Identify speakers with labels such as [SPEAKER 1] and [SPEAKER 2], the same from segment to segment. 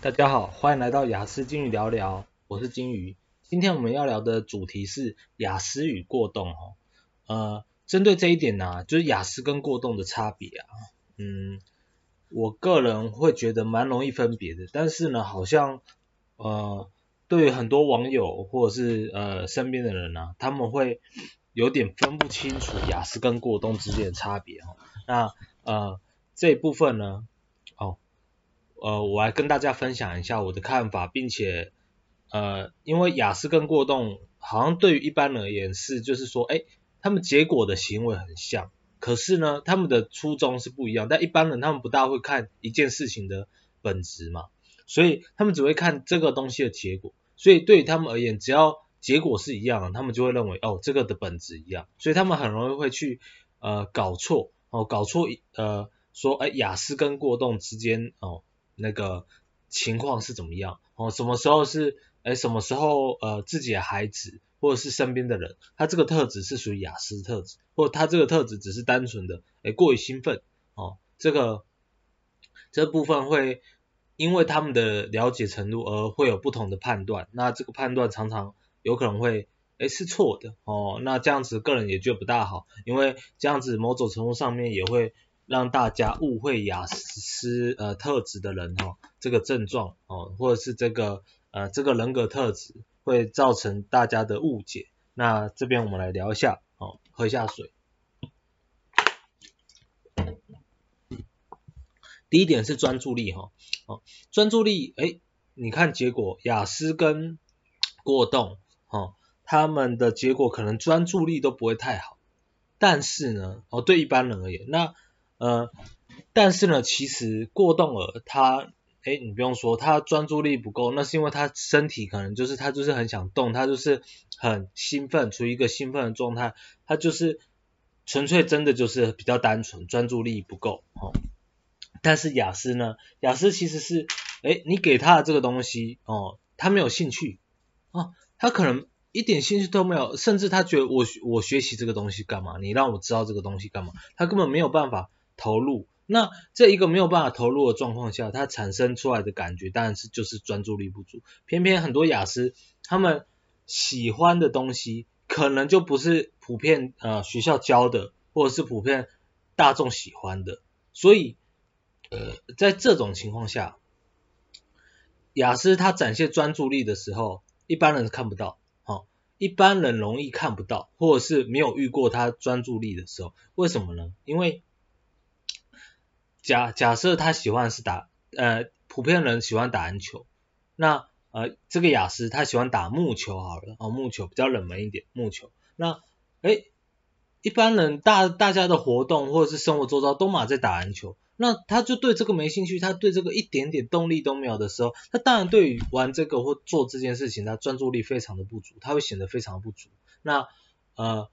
[SPEAKER 1] 大家好，歡迎來到亞斯金魚聊聊，我是金魚。今天我們要聊的主題是亞斯與過動哦。呃，針對這一點呢、啊，就是亞斯跟過動的差別啊。嗯，我個人會覺得蠻容易分別的，但是呢，好像呃，對於很多網友或者是呃身邊的人呢、啊，他們會有點分不清楚亞斯跟過動之間的差別哦。那呃，這一部分呢。呃，我來跟大家分享一下我的看法，並且呃，因為亞斯跟過動好像對於一般人而言是，就是說，哎，他們結果的行為很像，可是呢，他們的初衷是不一樣。但一般人他們不大會看一件事情的本質嘛，所以他們只會看這個東西的結果。所以對於他們而言，只要結果是一樣，他們就會認為哦，這個的本質一樣。所以他們很容易會去呃搞錯哦，搞錯呃說哎，亞斯跟過動之間哦。那個情況是怎麼樣？哦，什麼時候是？誒什麼時候呃，自己的孩子或者是身邊的人，他這個特質是屬於亞斯特質，或者他這個特質只是單純的哎過於興奮，哦，這個這部分會因為他們的了解程度而會有不同的判斷，那這個判斷常常有可能會哎是錯的，哦，那這樣子個人也就不大好，因為這樣子某種程度上面也會。讓大家誤會亞斯呃特質的人哈、哦，這個症狀哦，或者是這個呃這個人格特質會造成大家的誤解。那這邊我們來聊一下哦，喝一下水。第一點是專注力哈，哦專注力哎，你看結果亞斯跟過動哈、哦，他們的結果可能專注力都不會太好，但是呢哦對一般人而言那。呃，但是呢，其實過動兒，他，哎，你不用說，他專注力不夠，那是因為他身體可能就是他就是很想動，他就是很興奮，處於一個興奮的狀態，他就是純粹真的就是比較單純，專注力不夠。哦，但是亞斯呢，亞斯其實是，哎，你給他的這個東西，哦，他沒有興趣，哦，他可能一點興趣都沒有，甚至他覺得我我學習這個東西幹嘛？你讓我知道這個東西幹嘛？他根本沒有辦法。投入，那這一個沒有辦法投入的狀況下，它產生出來的感覺當然是就是專注力不足。偏偏很多亞斯他們喜歡的東西，可能就不是普遍呃學校教的，或者是普遍大眾喜歡的。所以、呃，在這種情況下，亞斯他展現專注力的時候，一般人是看不到。好、哦，一般人容易看不到，或者是沒有遇過他專注力的時候。為什麼呢？因為假假設他喜歡是打，呃，普遍人喜歡打籃球，那呃，這個亞斯他喜歡打木球好了，哦，木球比較冷門一點，木球。那，誒，一般人大大家的活動或者是生活周遭，都馬在打籃球，那他就對這個沒興趣，他對這個一點點動力都沒有的時候，他當然對於玩這個或做這件事情，他專注力非常的不足，他會顯得非常的不足。那，呃。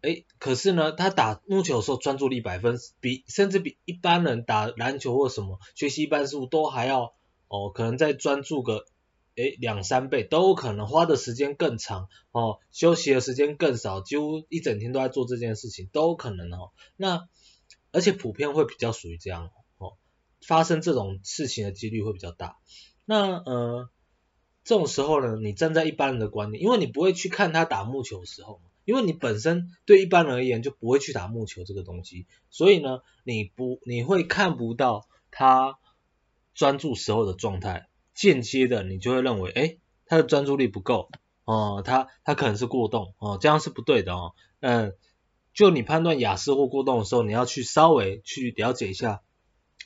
[SPEAKER 1] 誒，可是呢，他打木球的時候專注力百分比，甚至比一般人打籃球或什麼學習一般事物都還要哦，可能再專注個誒兩三倍都可能，花的時間更長哦，休息的時間更少，幾乎一整天都在做這件事情都可能哦。那而且普遍會比較屬於這樣哦，發生這種事情的幾率會比較大。那呃，這種時候呢，你站在一般人的觀點，因為你不會去看他打木球的時候。因為你本身對一般人而言就不會去打木球這個東西，所以呢，你不你會看不到他專注時候的狀態，間接的你就會認為，哎，他的專注力不夠，哦、呃，他他可能是過動，哦、呃，這樣是不對的哦，嗯、呃，就你判斷亞斯或過動的時候，你要去稍微去了解一下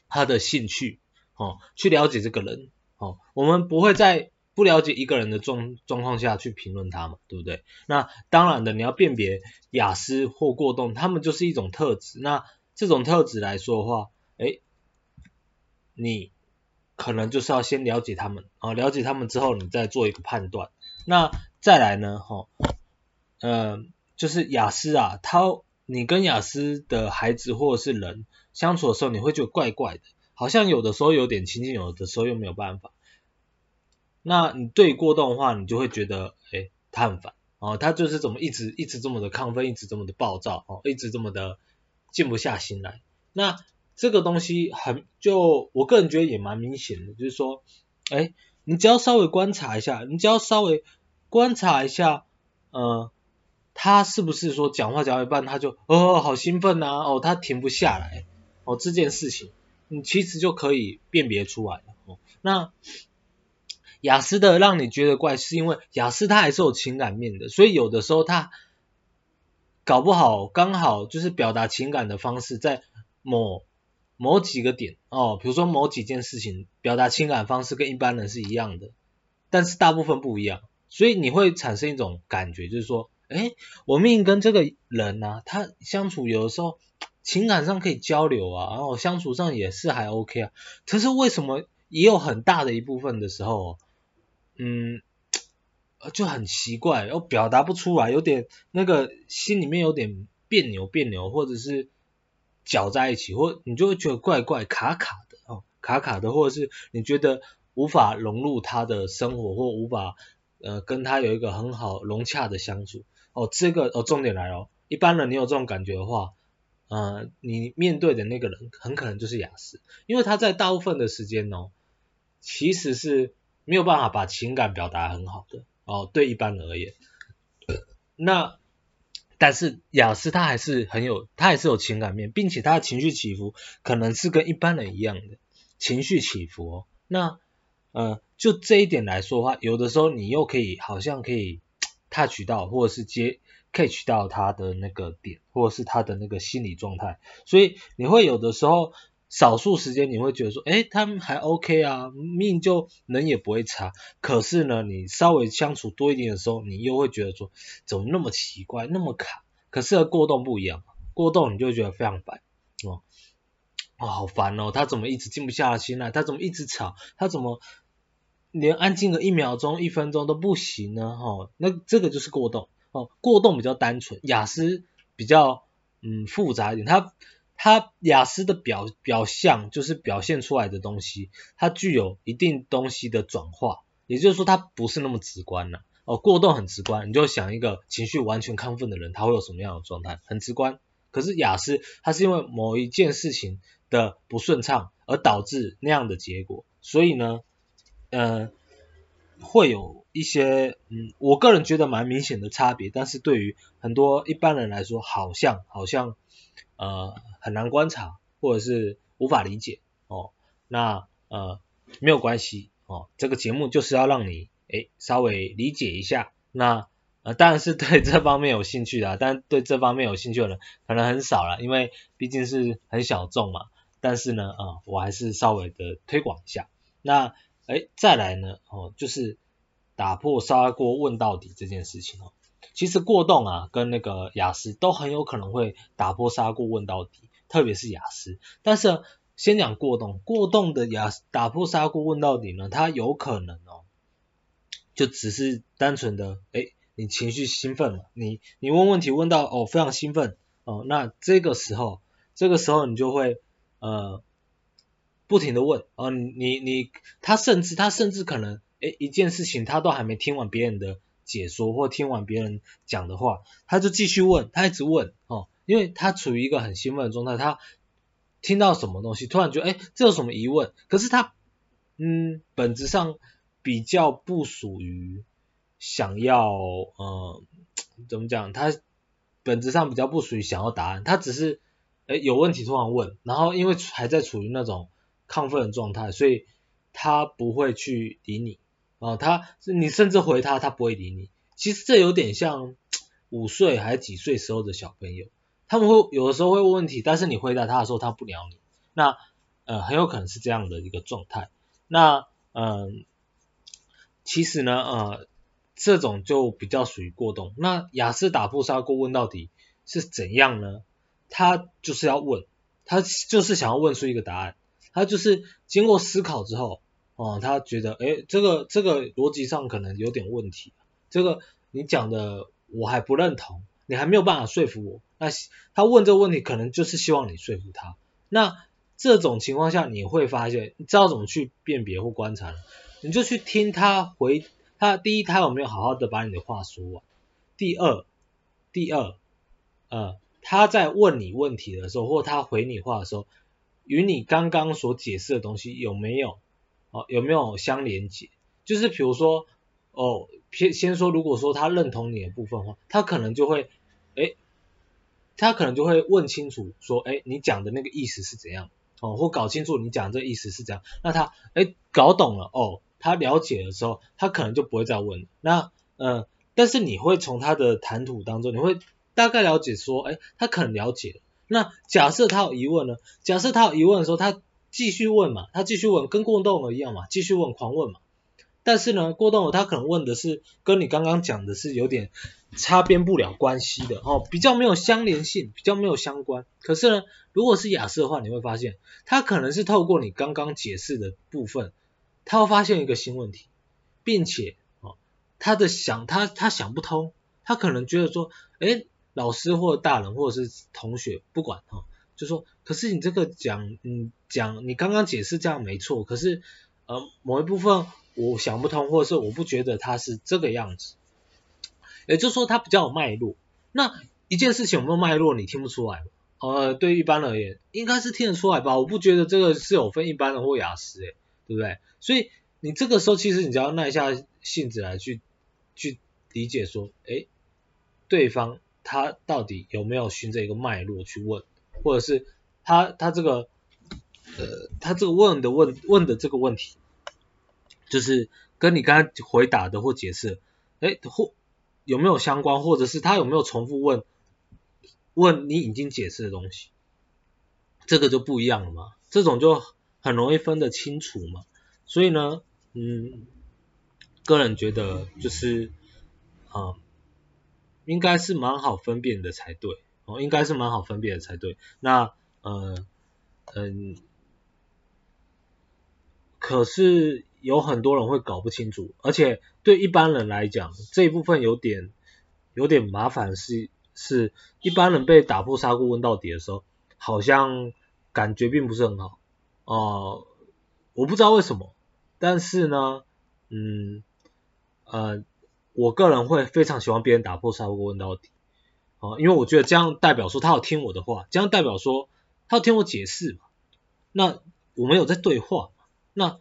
[SPEAKER 1] 他的興趣，哦、呃，去了解這個人，哦、呃，我們不會再。不了解一個人的狀狀況下去評論他嘛，對不對？那當然的，你要辨別亞斯或過動，他們就是一種特質。那這種特質來說的話，哎，你可能就是要先了解他們，啊，了解他們之後，你再做一個判斷。那再來呢，哈、哦，嗯、呃，就是亞斯啊，他你跟亞斯的孩子或者是人相處的時候，你會覺得怪怪的，好像有的時候有點親近，有的時候又沒有辦法。那你對於過動的話，你就會覺得，誒他很煩哦，他就是怎麼一直一直這麼的亢奮，一直這麼的暴躁哦，一直這麼的靜不下心來。那這個東西很就，我個人覺得也蠻明顯的，就是說，誒你只要稍微觀察一下，你只要稍微觀察一下，呃他是不是說講話講話一半他就哦，哦好興奮吶、啊，哦他停不下來，哦這件事情，你其實就可以辨別出來了。哦，那。亞斯的讓你覺得怪，是因為亞斯它還是有情感面的，所以有的時候他搞不好剛好就是表達情感的方式，在某某幾個點哦，比如說某幾件事情表達情感方式跟一般人是一樣的，但是大部分不一樣，所以你會產生一種感覺，就是說，誒，我命跟這個人呢，他相處有的時候情感上可以交流啊，然後相處上也是還 OK 啊，可是為什麼也有很大的一部分的時候？嗯，呃，就很奇怪，然後、哦、表達不出來，有點那個心裡面有點別扭，別扭，或者是攪在一起，或你就會覺得怪怪、卡卡的哦，卡卡的，或者是你覺得無法融入他的生活，或無法呃跟他有一個很好融洽的相處哦。這個哦，重點來了、哦，一般人你有這種感覺的話，嗯、呃，你面對的那個人很可能就是亞斯，因為他在大部分的時間哦，其實是。沒有辦法把情感表達很好的哦，對一般人而言。對那但是亞斯他還是很有，他還是有情感面，並且他的情緒起伏可能是跟一般人一樣的情緒起伏哦。那呃就這一點來說的話，有的時候你又可以好像可以 touch 到或者是接 catch 到他的那個點，或者是他的那個心理狀態，所以你會有的時候。少數時間你會覺得說，誒、欸、他們還 OK 啊，命就人也不會差。可是呢，你稍微相處多一點的時候，你又會覺得說，怎麼那麼奇怪，那麼卡？可是過動不一樣，過動你就覺得非常煩、哦，哦，好煩哦，他怎麼一直靜不下心來呢？他怎麼一直吵？他怎麼連安靜個一秒鐘、一分鐘都不行呢？哦，那這個就是過動哦。過動比較單純，亞斯比較嗯複雜一點，他。它亞斯的表表象，就是表現出來的東西，它具有一定東西的轉化，也就是說它不是那麼直觀了、啊。哦，過動很直觀，你就想一個情緒完全亢奮的人，他會有什麼樣的狀態，很直觀。可是亞斯，它是因為某一件事情的不順暢而導致那樣的結果，所以呢，嗯、呃，會有一些嗯，我個人覺得蠻明顯的差別，但是對於很多一般人來說，好像好像呃。很難觀察，或者是無法理解哦。那呃沒有關係哦，這個節目就是要讓你誒稍微理解一下。那呃當然是對這方面有興趣的、啊，但對這方面有興趣的人可能很少了，因為畢竟是很小眾嘛。但是呢呃，我還是稍微的推廣一下。那哎再來呢哦就是打破砂鍋問到底這件事情哦。其實過動啊跟那個亞斯都很有可能會打破砂鍋問到底。特別是亞斯，但是，啊，先講過動，過動的亞斯打破砂鍋問到底呢，它有可能哦，就只是單純的，哎，你情緒興奮了，你你問問題問到哦非常興奮哦，那這個時候，這個時候你就會呃不停地問哦，你你他甚至他甚至可能，哎，一件事情他都還沒聽完別人的解說或聽完別人講的話，他就繼續問他一直問哦。因為他處於一個很興奮的狀態，他聽到什麼東西，突然覺得哎，這有什麼疑問？可是他，嗯，本質上比較不屬於想要，嗯、呃，怎麼講？他本質上比較不屬於想要答案，他只是誒有問題突然問，然後因為還在處於那種亢奮的狀態，所以他不會去理你啊、呃，他你甚至回他，他不會理你。其實這有點像五歲還是幾歲時候的小朋友。他們會有的時候會問問題，但是你回答他的時候，他不鳥你。那呃，很有可能是這樣的一個狀態。那嗯、呃，其實呢，呃，這種就比較屬於過動。那亞斯打破砂鍋問到底是怎樣呢？他就是要問，他就是想要問出一個答案。他就是經過思考之後，哦、呃，他覺得，哎，這個這個邏輯上可能有點問題。這個你講的我還不認同，你還沒有辦法說服我。那他問這個問題，可能就是希望你說服他。那這種情況下，你會發現，你知道怎麼去辨別或觀察，你就去聽他回他。第一，他有沒有好好的把你的話說完？第二，第二，呃，他在問你問題的時候，或他回你話的時候，與你剛剛所解釋的東西有沒有哦，有沒有相連接？就是比如說，哦，先先說，如果說他認同你的部分的話，他可能就會，誒。他可能就會問清楚說，誒、欸，你講的那個意思是怎樣，哦，或搞清楚你講這意思是怎樣。那他，誒、欸，搞懂了，哦，他了解的時候，他可能就不會再問。那，嗯、呃，但是你會從他的談吐當中，你會大概了解說，誒、欸，他可能了解了。那假設他有疑問呢？假設他有疑問的時候，他繼續問嘛，他繼續問，跟過動兒一樣嘛，繼續問，狂問嘛。但是呢，過動兒，他可能問的是，跟你剛剛講的是有點。擦邊不了關係的哦，比較沒有相連性，比較沒有相關。可是呢，如果是亞斯的話，你會發現他可能是透過你剛剛解釋的部分，他會發現一個新問題，並且哦，他的想他他想不通，他可能覺得說，哎、欸，老師或者大人或者是同學不管哈，就說，可是你這個講、嗯、你講你剛剛解釋這樣沒錯，可是呃，某一部分我想不通，或者是我不覺得他是這個樣子。也就是說，他比較有脈絡。那一件事情有沒有脈絡，你聽不出來。呃，對一般而言，應該是聽得出來吧？我不覺得這個是有分一般的或亞斯，哎，對不對？所以你這個時候其實你只要耐下性子來去去理解，說，誒，對方他到底有沒有循着一個脈絡去問，或者是他他這個，呃，他這個問的問問的這個問題，就是跟你剛才回答的或解釋，哎，或。有沒有相關，或者是他有沒有重複問問你已經解釋的東西？這個就不一樣了嘛。這種就很容易分得清楚嘛。所以呢，嗯，個人覺得就是啊、呃，應該是蠻好分辨的才對哦、呃，應該是蠻好分辨的才對。那嗯嗯。呃呃可是有很多人會搞不清楚，而且對一般人來講，這一部分有點有點麻煩是，是是一般人被打破砂鍋問到底的時候，好像感覺並不是很好哦、呃，我不知道為什麼，但是呢，嗯，呃，我個人會非常喜歡別人打破砂鍋問到底，哦、呃，因為我覺得這樣代表說他要聽我的話，這樣代表說他要聽我解釋嘛，那我們有在對話。那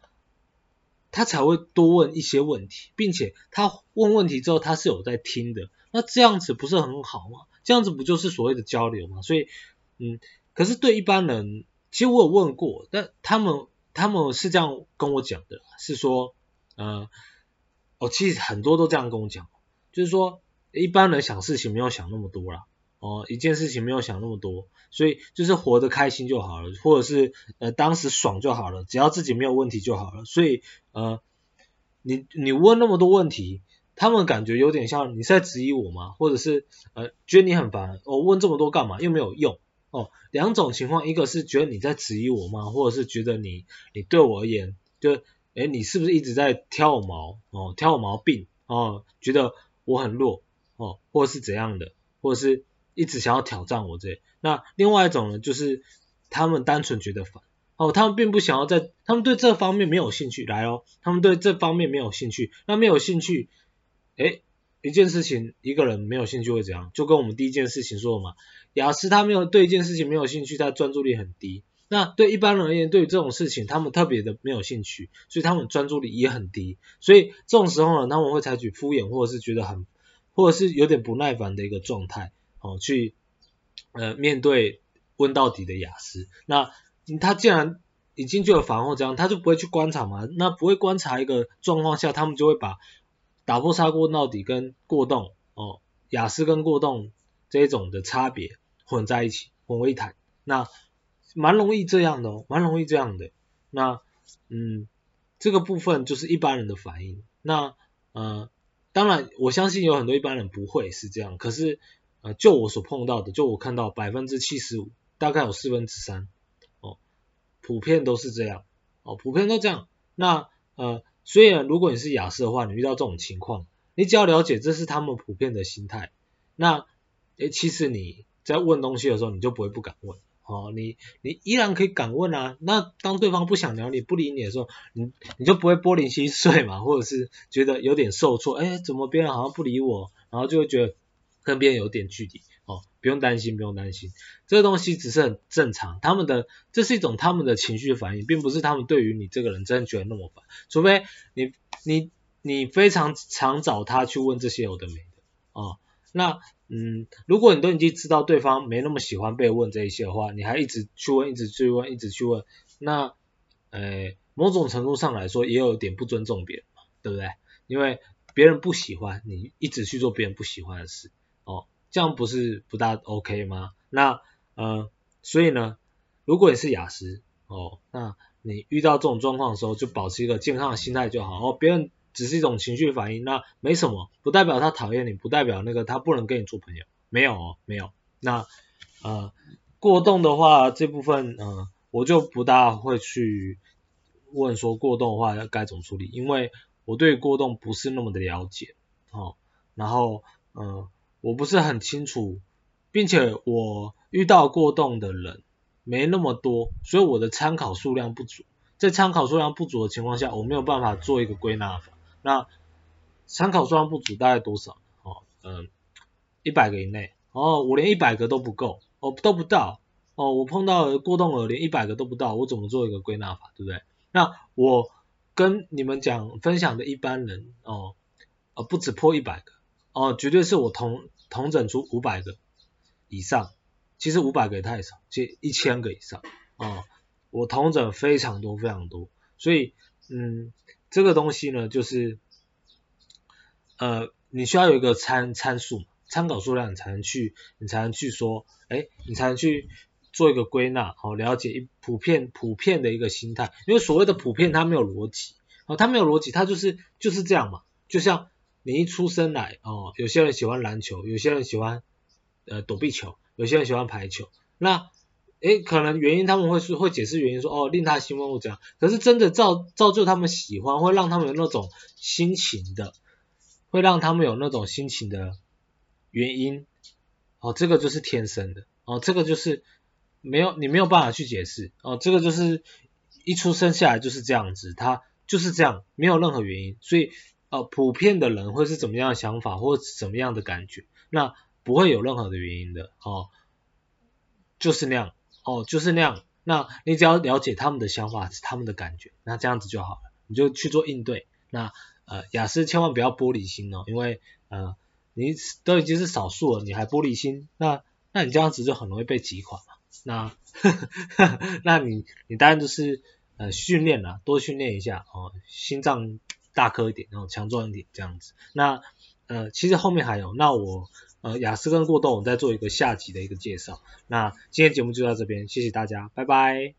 [SPEAKER 1] 他才會多問一些問題，並且他問問題之後，他是有在聽的。那這樣子不是很好嗎？這樣子不就是所謂的交流嗎？所以，嗯，可是對一般人，其實我有問過，但他們他們是這樣跟我講的，是說，呃，哦，其實很多都這樣跟我講，就是說一般人想事情沒有想那麼多啦。哦，一件事情沒有想那麼多，所以就是活得開心就好了，或者是呃當時爽就好了，只要自己沒有問題就好了。所以呃，你你問那麼多問題，他們感覺有點像你是在質疑我嗎？或者是呃覺得你很煩，我，哦，問這麼多幹嘛又沒有用？哦，兩種情況，一個是覺得你在質疑我嗎？或者是覺得你你對我而言，就誒你是不是一直在挑我毛哦挑我毛病哦，覺得我很弱哦，或者是怎樣的，或者是。一直想要挑戰我這，那另外一種呢？就是他們單純覺得煩哦，他們並不想要在，他們對這方面沒有興趣，來哦，他們對這方面沒有興趣，那沒有興趣，哎、欸，一件事情一個人沒有興趣會怎樣？就跟我們第一件事情說嘛，亞斯他沒有對一件事情沒有興趣，他專注力很低。那對一般人而言，對於這種事情他們特別的沒有興趣，所以他們專注力也很低。所以這種時候呢，他們會採取敷衍或者是覺得很，或者是有點不耐煩的一個狀態。哦，去呃面對問到底的亞斯，那他既然已經就有防護這樣，他就不會去觀察嘛，那不會觀察一個狀況下，他們就會把打破砂鍋問到底跟過動哦，亞斯跟過動這一種的差別混在一起，混為一談，那蠻容易這樣的，哦，蠻容易這樣的，那嗯這個部分就是一般人的反應，那呃當然我相信有很多一般人不會是這樣，可是。呃，就我所碰到的，就我看到百分之七十五，大概有四分之三，哦，普遍都是這樣，哦，普遍都這樣。那呃，所以呢，如果你是亞斯的話，你遇到這種情況，你只要了解這是他們普遍的心態，那誒，其實你在問東西的時候，你就不會不敢問，哦，你你依然可以敢問啊。那當對方不想聊，你不理你的時候，你你就不會玻璃心碎嘛，或者是覺得有點受挫，誒，怎麼別人好像不理我，然後就會覺得。跟別人有點距離哦，不用擔心，不用擔心，這個東西只是很正常，他們的這是一種他們的情緒反應，並不是他們對於你這個人真的覺得那麼煩，除非你你你非常常找他去問這些有的沒的哦。那嗯，如果你都已經知道對方沒那麼喜歡被問這些的話，你還一直去問，一直去問，一直去問，那呃某種程度上來說也有點不尊重別人嘛，對不對？因為別人不喜歡你一直去做別人不喜歡的事。這樣不是不大 OK 嗎？那呃，所以呢，如果你是亞斯哦，那你遇到這種狀況的時候，就保持一個健康的心態就好。哦，別人只是一種情緒反應，那沒什麼，不代表他討厭你，不代表那個他不能跟你做朋友，沒有哦，沒有。那呃，過動的話，這部分呃，我就不大會去問說，過動的話要該怎麼處理，因為我對過動不是那麼的了解。好、哦，然後嗯。呃我不是很清楚，並且我遇到過動的人沒那麼多，所以我的參考數量不足。在參考數量不足的情況下，我沒有辦法做一個歸納法。那參考數量不足大概多少？哦，嗯，呃，一百個以內。哦，我連一百個都不夠，哦，都不到。哦，我碰到了過動的連一百個都不到，我怎麼做一個歸納法，對不對？那我跟你們講分享的一般人，哦，呃，不止破一百個。哦，絕對是我同同整出五百個以上，其實五百個也太少，就一千個以上啊、哦，我同整非常多非常多，所以嗯，這個東西呢，就是呃，你需要有一個參參數嘛，參考數量你才能去，你才能去說，哎，你才能去做一個歸納，好、哦，了解一普遍普遍的一個心態，因為所謂的普遍它沒有邏輯，啊、哦，它沒有邏輯，它就是就是這樣嘛，就像。你一出生來哦，有些人喜歡籃球，有些人喜歡呃躲避球，有些人喜歡排球。那誒可能原因他們會說會解釋原因說哦令他興奮或怎樣，可是真的造造就他們喜歡，會讓他們有那種心情的，會讓他們有那種心情的原因，哦這個就是天生的，哦這個就是沒有你沒有辦法去解釋，哦這個就是一出生下來就是這樣子，他就是這樣，沒有任何原因，所以。呃、哦，普遍的人會是怎麼樣的想法，或是怎麼樣的感覺？那不會有任何的原因的，哦，就是那樣，哦，就是那樣。那你只要了解他們的想法，是他們的感覺，那這樣子就好了，你就去做應對。那呃，亞斯千萬不要玻璃心哦，因為呃，你都已經是少數了，你還玻璃心，那那你這樣子就很容易被擠垮嘛。那， 那你你當然就是呃訓練了、啊，多訓練一下哦，心臟。大顆一點，然後強壯一點，這樣子。那呃，其實後面還有，那我呃亞斯跟過動，我再做一個下集的一個介紹。那今天節目就到這邊，謝謝大家，拜拜。